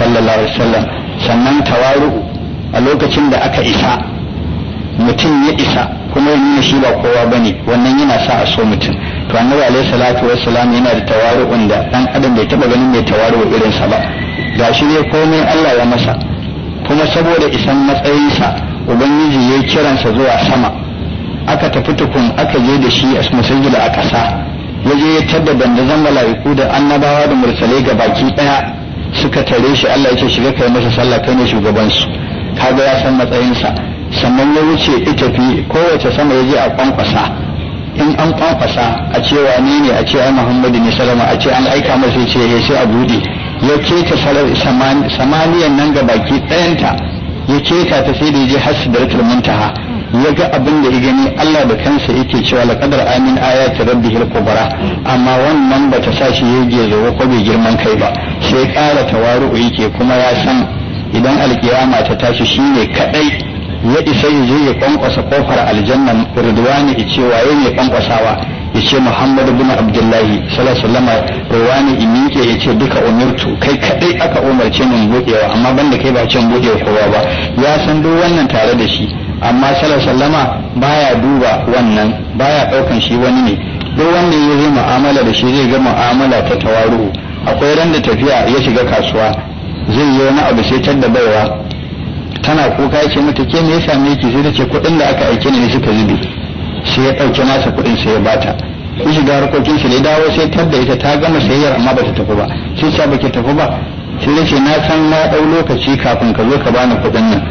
sallallahu alaihi wasallam sannan tawaru a lokacin da aka isa mutum ya isa kuma ya nuna shi ba kowa bane wannan yana sa a so mutum to annabi alaihi salatu wassalam yana da tawaru'un da dan adam bai taba ganin mai tawaru irin sa ba gashi ne komai Allah ya masa kuma saboda isan matsayinsa ubangiji ya kiransa zuwa sama aka tafi tukun aka je da shi a masajida a ƙasa ya je ya tadda banda mala'iku da annabawa da mursalai ga baki ɗaya suka tare shi Allah ya ce shiga kai masa sallah kai ne su kaga ya san matsayinsa sannan ya wuce ita fi kowace sama ya je a kwankwasa in an kwankwasa a cewa ni ne a ce ai Muhammadu ne salama a ce an aika masa ce ya ce a bude ya keta samaniyan nan ga baki ɗayanta ya ce ta sai da ya je har muntaha ya ga abin da ya gani Allah da kansa yake cewa laqadar amin ayati rabbihil kubra amma wannan bata sa shi yaje zo ko bai girman kai ba sai ƙara tawaru yake kuma ya san idan alkiyama ta tashi shine kadai ya isa ya je ya kwankwasa kofar aljanna ridwani ya ce waye ne kwankwasawa ya ce muhammad bin abdullahi sallallahu ridwani in yace ya ce duka umartu kai kadai aka umarce mun buɗewa amma banda kai ba cin buɗewa kowa ba ya san duk wannan tare da shi amma sallama baya duba wannan baya daukan shi wani ne duk wanda ya zai mu'amala da shi zai ga mu'amala ta tawaru akwai ran da tafiya ya shiga kasuwa zai yi wani abu sai da baiwa tana kuka ya ce mata ke me ya same ki sai da ce kuɗin da aka aike ne suka zube sai ya ɗauke nasa kuɗin sai ya bata ya shiga harkokin shi ne dawo sai tadda ita ta gama sayayyar amma ba ta tafi ba sai ta baki tafi ba sai da ce na san na ɗau lokaci kafin ka zo ka bani kuɗin nan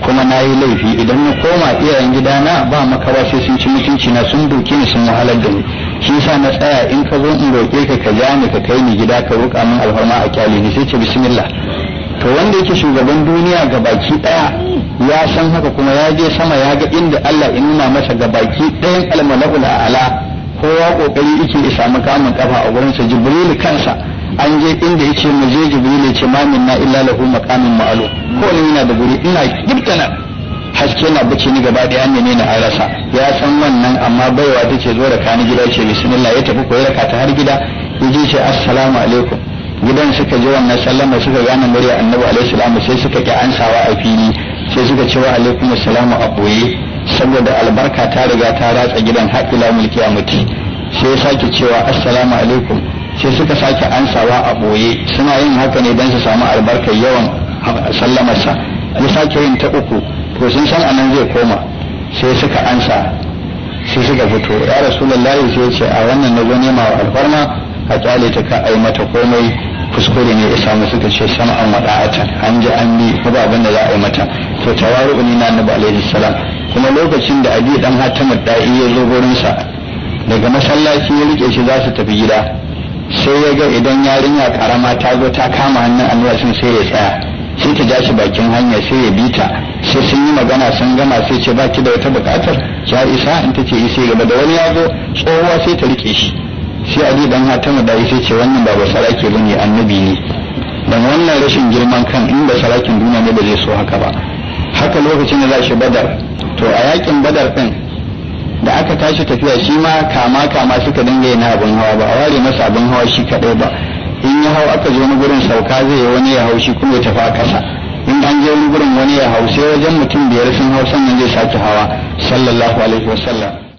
kuma na yi laifi idan na koma iyayen gidana ba makawa sai sun ci mutunci na sun doki ni sun wahalar da ni shi yasa na tsaya in ka zo in roƙe ka ka ja ni ka kai ni gida ka roƙa min alfarma a kyale ni sai ce bismillah to wanda yake shugaban duniya ga baki daya ya san haka kuma ya je sama ya ga inda Allah ya nuna masa ga baki ɗayan almalakul a'ala kowa kokari yake ya samu kamun kafa a gurin sa jibril kansa an je inda yace mu je jibril yace ma min na illa lahu maqamin ma'lum ko ne yana da guri ina kibtana haske na bace ni gaba da yanne ne na arasa ya san wannan amma baiwa tace zo da kani gida ce bismillah ya tafi koyar ka ta har gida yaje ce assalamu alaikum gidan suka je wannan sallama suka gane murya annabi alaihi salamu sai suka ki ansawa a fili sai suka ce wa alaikum assalamu a boye saboda albarka ta riga ta ratsa gidan har ila mulki ya mutu sai sake cewa assalamu alaikum sai suka sake ansawa a ɓoye suna yin haka ne don su samu albarkar yawan sallamarsa ya sake yin ta uku to sun san anan zai koma sai suka ansa sai suka fito ya rasu rasulullahi sai ce a wannan na zo ma alfarma a kyale ta ka ai mata komai kuskure ne isa mu suka ce sama an wada'atan an ji an ni ba abin da za a yi mata to tawaru ni na annabi alaihi salam kuma lokacin da abi dan hatamu da'i ya zo gurin sa daga masallaci ya rike shi za su tafi gida sai ya ga idan yarinya karama ta zo ta kama hannun annuwar sun sai ya tsaya sai ta bakin hanya sai ya bi ta sai sun yi magana sun gama sai ce ba ki da wata bukatar ya isa in ta ce sai gaba da wani ya zo tsohuwa sai ta rike shi sai ali dan hatama da sai ce wannan ba basarake bane annabi ne dan wannan rashin girman kan in ba sarakin duniya ne ba zai so haka ba haka lokacin da za shi badar to a yakin badar din da aka tashi tafiya shi ma kama kama suka dinga yin abin hawa ba a ware masa abin hawa shi kadai ba in ya hau aka zo wani gurin sauka zai wani ya hau shi kuma ya tafi a kasa in an je wani gurin wani ya hau sai wajen mutum biyar sun hau sannan zai sake hawa sallallahu alaihi wasallam